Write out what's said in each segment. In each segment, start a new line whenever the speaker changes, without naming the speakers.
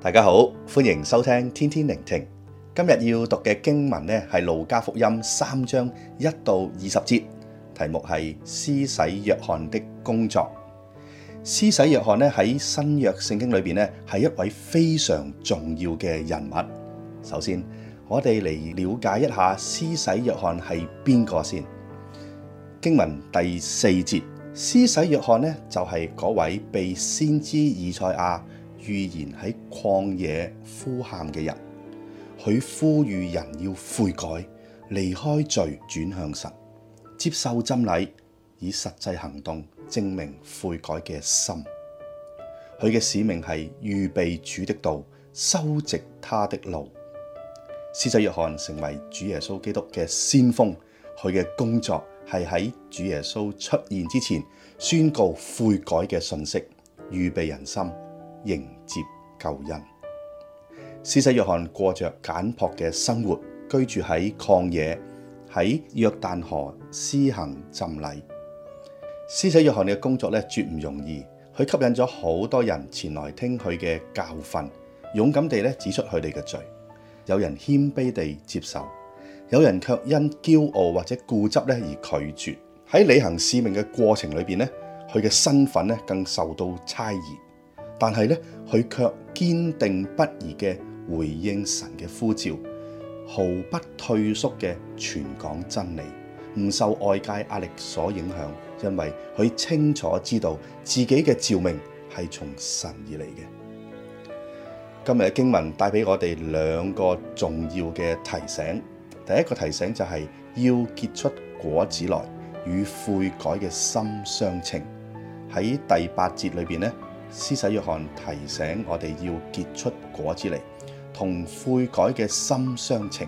大家好，歡迎收聽天天靈聽。今日要讀嘅經文呢，係路加福音三章一到二十節，題目係施洗約翰的工作。施洗約翰呢喺新約聖經裏邊呢，係一位非常重要嘅人物。首先，我哋嚟了解一下施洗約翰係邊個先。經文第四節，施洗約翰呢就係嗰位被先知以賽亞。預言喺曠野呼喊嘅人，佢呼籲人要悔改，離開罪，轉向神，接受浸禮，以實際行動證明悔改嘅心。佢嘅使命係預備主的道，修直他的路。施洗約翰成為主耶穌基督嘅先鋒，佢嘅工作係喺主耶穌出現之前宣告悔改嘅信息，預備人心。迎接救恩。施洗約翰過着簡樸嘅生活，居住喺曠野，喺約旦河施行浸禮。施洗約翰嘅工作咧絕唔容易，佢吸引咗好多人前來聽佢嘅教訓，勇敢地咧指出佢哋嘅罪。有人謙卑地接受，有人卻因驕傲或者固執咧而拒絕。喺履行使命嘅過程裏邊咧，佢嘅身份咧更受到猜疑。但係咧，佢卻堅定不移嘅回應神嘅呼召，毫不退縮嘅傳講真理，唔受外界壓力所影響，因為佢清楚知道自己嘅召命係從神而嚟嘅。今日嘅經文帶俾我哋兩個重要嘅提醒。第一個提醒就係要結出果子來，與悔改嘅心相稱。喺第八節裏邊呢。施洗約翰提醒我哋要結出果子嚟，同悔改嘅心相稱。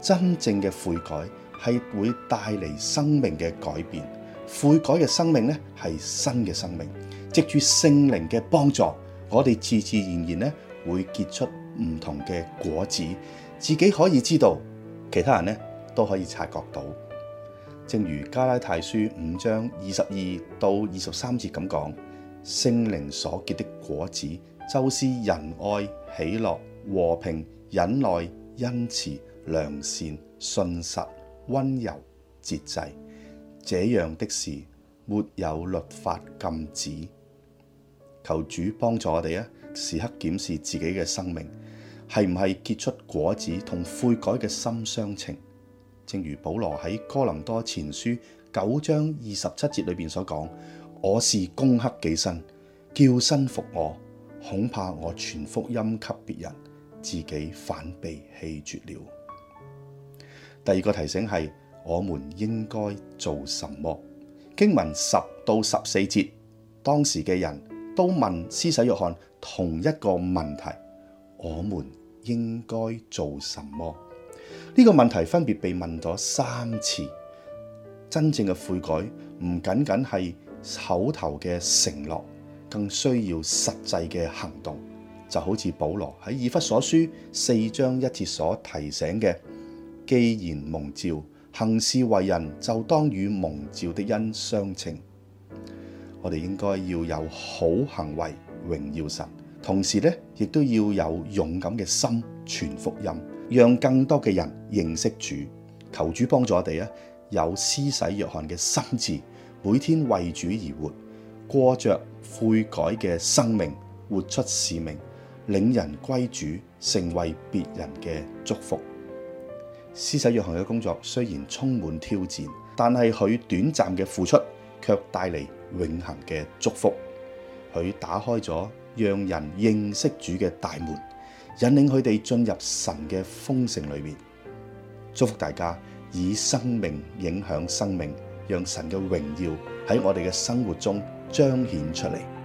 真正嘅悔改係會帶嚟生命嘅改變。悔改嘅生命呢係新嘅生命。藉住聖靈嘅幫助，我哋自自然然呢會結出唔同嘅果子，自己可以知道，其他人呢都可以察覺到。正如加拉太書五章二十二到二十三節咁講。聖靈所結的果子，就是仁愛、喜樂、和平、忍耐、恩慈、良善、信實、温柔、節制。這樣的事沒有律法禁止。求主幫助我哋啊，時刻檢視自己嘅生命，係唔係結出果子同悔改嘅心相稱？正如保羅喺哥林多前書九章二十七節裏邊所講。我是攻克己身，叫身服我，恐怕我傳福音給別人，自己反被棄絕了。第二個提醒係，我們應該做什麼？經文十到十四節，當時嘅人都問施洗約翰同一個問題：我們應該做什麼？呢個問題分別被問咗三次。真正嘅悔改唔僅僅係口頭嘅承諾，更需要實際嘅行動，就好似保羅喺以弗所書四章一節所提醒嘅：既然蒙召，行事為人就當與蒙召的恩相稱。我哋應該要有好行為榮耀神，同時咧亦都要有勇敢嘅心傳福音，讓更多嘅人認識主。求主幫助我哋啊，有施洗約翰嘅心志。每天為主而活，過着悔改嘅生命，活出使命，領人歸主，成為別人嘅祝福。施洗約翰嘅工作雖然充滿挑戰，但係佢短暫嘅付出卻帶嚟永恆嘅祝福。佢打開咗讓人認識主嘅大門，引領佢哋進入神嘅豐盛裏面。祝福大家，以生命影響生命。讓神嘅榮耀喺我哋嘅生活中彰顯出嚟。